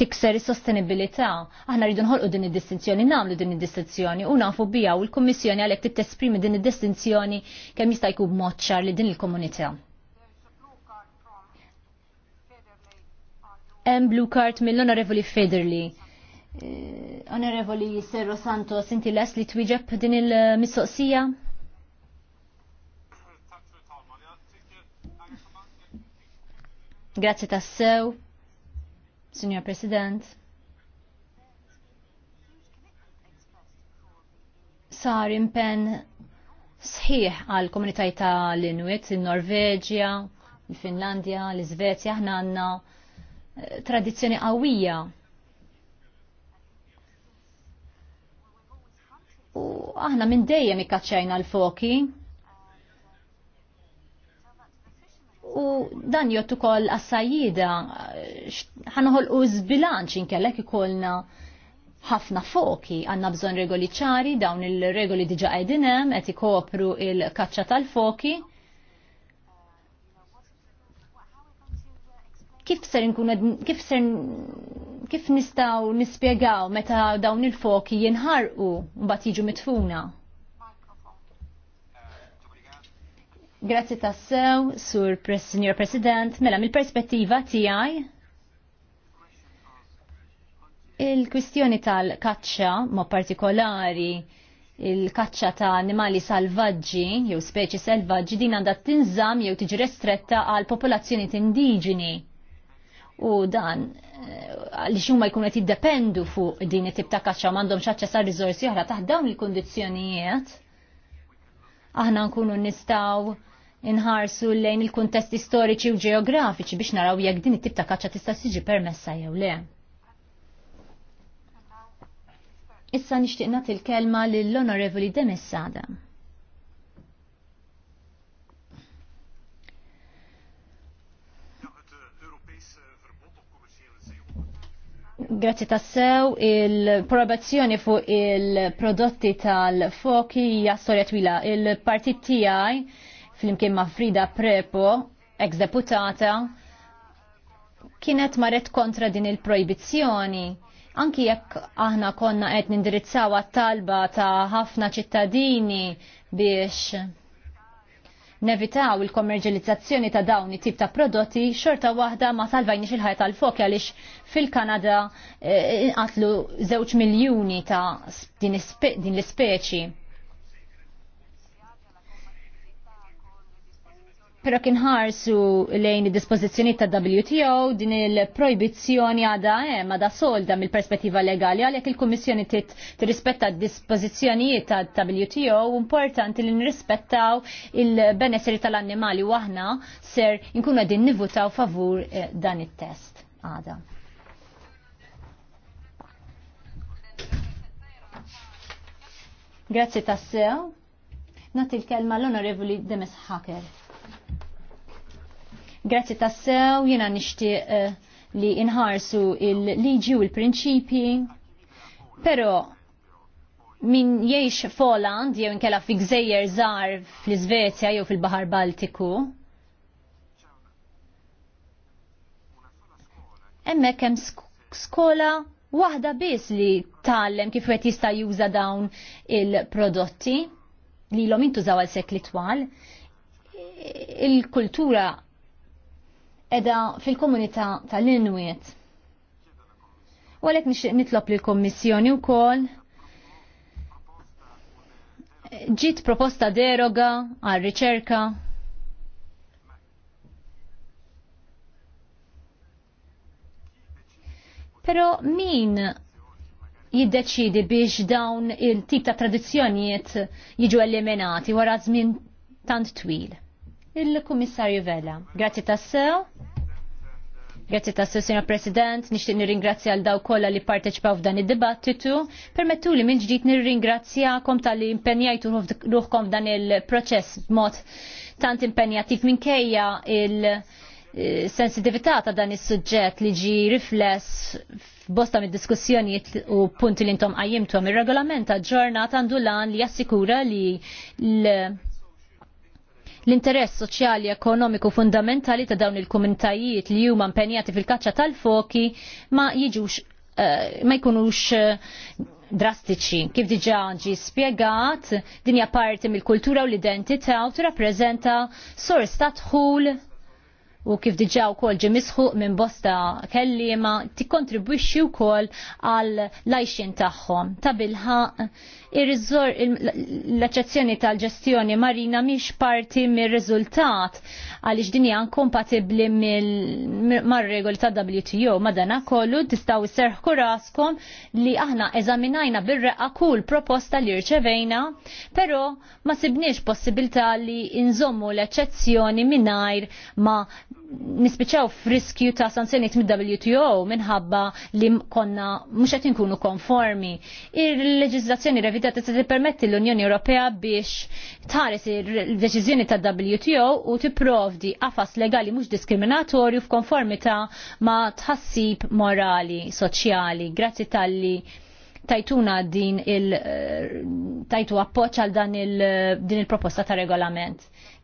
tikser is-sostenibilità. Aħna rridu nħolqu din id-distinzjoni, nagħmlu din id-distinzjoni u nafu bija u l-Kummissjoni għalhekk tesprimi din id-distinzjoni kemm jista' jkun b'mod ċar li din il-komunità. Hemm blue card mill-Onorevoli Federli. Eh, Onorevoli Serro Santos, inti les li twieġeb din il-mistoqsija? Grazie tassew. Signor President, sar impen sħiħ għal komunitaj ta' l-Inuit, il-Norveġja, il-Finlandja, l-Svezja, ħna għanna eh, tradizzjoni qawwija. U aħna minn dejjem ikkaċċajna l-foki, U dan jottu kol assajida, ħanuħol u zbilanċ inkellek ikolna ħafna foki, għanna bżon regoli ċari, dawn il-regoli diġa għedinem, għet ikopru il-kacċa tal-foki. Kif ser nkun, kif ser, kif nistaw nispiegaw meta dawn il-foki jinħarqu, mbagħad jiġu mitfuna? Grazzi tassew, sur Signor President, mela mill-perspettiva tiegħi il-kwistjoni tal-kaċċa ma' partikolari il-kaċċa ta' animali salvaġġi jew speċi selvaġġi din għandha tinżam jew tiġi restretta għal popolazzjoni indiġeni. U dan eh, li xumma jkunu qed jiddependu fuq din it-tip ta' kaċċa m'għandhomx aċċess għal riżorsi oħra taħt dawn il-kundizzjonijiet aħna nkunu nistgħu inħarsu lejn il-kuntesti storiċi u ġeografiċi biex naraw jekk din it-tip ta' kaċċa tista' siġi permessa jew le. Issa nixtieq nagħti l-kelma lill-Onorevoli Demessada. Grazzi tassew, il-probazzjoni fuq il-prodotti tal-foki hija storja twila. Il-partit tiegħi fl-imkien ma' Frida Prepo, ex-deputata, kienet marret kontra din il-projbizzjoni. Anki jekk aħna konna qed nindirizzaw għat-talba ta' ħafna ċittadini biex nevitaw il-kommerġializzazzjoni ta' dawni tip ta' prodotti xorta waħda ma salvajni il-ħajja tal-fok għaliex fil-Kanada eh, inqatlu żewġ miljuni ta' din l-ispeċi. Pero kien ħarsu lejn id-dispożizzjonijiet ta' WTO din il-projbizzjoni għada hemm eh, għada solda mill-perspettiva legali għalhekk il-Kummissjoni tirrispetta dispożizzjonijiet ta' WTO importanti li nirrispettaw il-benesseri tal-annimali u aħna ser inkunu qegħdin nivutaw favur eh, dan it-test għada. Grazzi tassew. Nati l-kelma l-Onorevoli Demes Hacker. Grazzi tassew, jena nishtiq eh, li inħarsu il-liġi u l-prinċipi, pero min jiex f'Oland, jew inkella fi gżejjer żgħar fl-Iżvezja jew fil-Baħar Baltiku, hemmhekk hemm skola waħda biss li tallem kif qed jista' juża dawn il-prodotti li l intużaw għal sekli twal. Il-kultura edha fil-komunità tal-Inuit. U għalek nitlob li l-Kommissjoni u kol ġit proposta deroga għal riċerka Pero min jiddeċidi biex dawn il-tip ta' tradizzjonijiet jiġu eliminati wara żmien tant twil? il-Kummissarju Vela. Grazzi tassew. Grazzi tassew, Sina President, nixtieq nirringrazzja għal daw kollha li parteċpaw f'dan id-dibattitu. Permettu li minn ġdid nirringrazzjakom tal-li impenjajtu ruħkom f'dan il-proċess b'mod tant impenjattiv minkejja il- eh, sensitività ta' dan is-suġġett li ġi rifless f'bosta mid diskussjonijiet u punti li intom qajjimtom ir-regolament ta' ġornata għandu lan li jassikura li l L-interess soċjali ekonomiku fundamentali ta' dawn il-komunitajiet li huma impenjati fil-kaċċa tal-foki ma jiġux eh, ma jkunux eh, drastiċi. Kif diġa ġi spiegat, dinja parti mill-kultura u l-identità u tirrappreżenta sors ta' dħul u kif diġa u kol ġemisħu minn bosta kellima tikkontribwixxi wkoll għal lajxin tagħhom. Ta' bilħaq l-eċezzjoni tal-ġestjoni marina mhix parti mir-riżultat għaliex din hija kompatibbli mar-regoli ta' WTO. Madana kollu tistaw isserħku raskom li aħna eżaminajna bir-reqqa kull proposta li rċevejna, però ma sibniex possibilità li inżommu l-eċezzjoni mingħajr ma' nispiċaw friskju ta' sanzjoniet mid-WTO minħabba li konna mhux qed inkunu konformi. il leġislazzjoni revidata se tippermetti l-Unjoni Ewropea biex tħares il-deċiżjoni ta' WTO u tipprovdi afas legali mhux diskriminatorju f'konformità ma' tħassib morali, soċjali. Grazzi tal-li tajtuna din il- eh, tajtu appoċ għal dan il-proposta ta' regolament.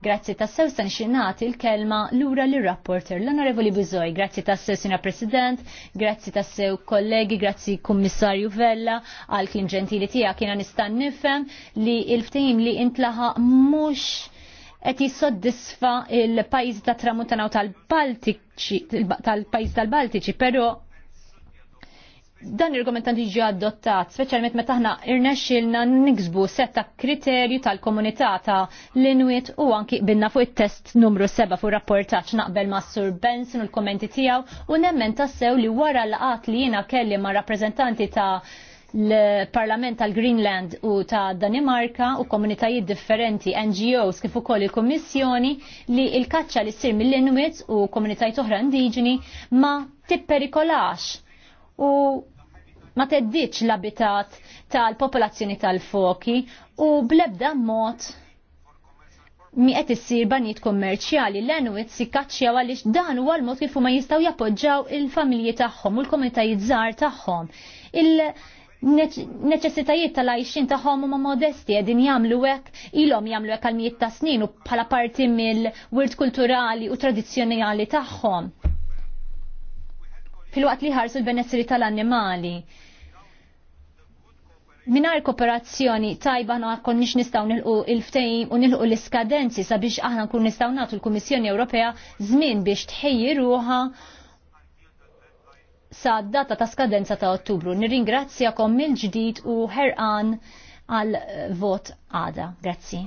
Grazzi tassew san xinati il-kelma lura l-rapporter l-Onorevoli Buzoj. Grazzi tassew sina President, grazzi tassew kollegi, grazzi Kummissarju Vella, għal kien ġentili tija kiena nistan nifem li il-ftejim li intlaħa mux qed jissoddisfa il-pajjiż ta' tramuntana u tal-Baltiċi, tal-pajjiż tal-Baltiċi, però dan il argument għandi ġi adottat, speċjalment meta aħna irnexxilna niksbu setta kriterju tal-komunità ta' l-Inuit u anki binna fuq it-test numru 7 fuq rapportaċ naqbel ma' Sur Benson u l-kommenti tiegħu u nemmen tassew li wara l għat li jiena kelli ma' rappreżentanti ta' l-Parlament tal-Greenland u ta' Danimarka u komunitajiet differenti, NGOs kif ukoll il-Kommissjoni li il-kaċċa li ssir mill-Inuit u komunitajiet oħra indiġeni ma tipperikolax u ma teddiċ l-abitat tal-popolazzjoni tal-foki u blebda mod mi qed issir banit kommerċjali l-enwit si kaċċja għaliex dan huwa l-mod kif huma jistgħu jappoġġaw il-familji tagħhom u l-komunitajiet żgħar tagħhom. Il-neċessitajiet tal-għajxin tagħhom huma modesti qegħdin jagħmlu hekk ilhom jagħmlu hekk għal mijiet ta' snin u bħala parti mill-wirt kulturali u tradizzjonali tagħhom. Filwaqt li ħarsu l-benessri tal-annimali minar kooperazzjoni tajba na kon nix nistaw nilqu il-ftejim u nilqu l-iskadenzi sabiex aħna nkun nistaw natu l-Kummissjoni Ewropea żmien biex tħejji ruħa sa data ta' skadenza ta' Ottubru. Nirringrazzjakom mill-ġdid u herqan għal vot għada. Grazzi.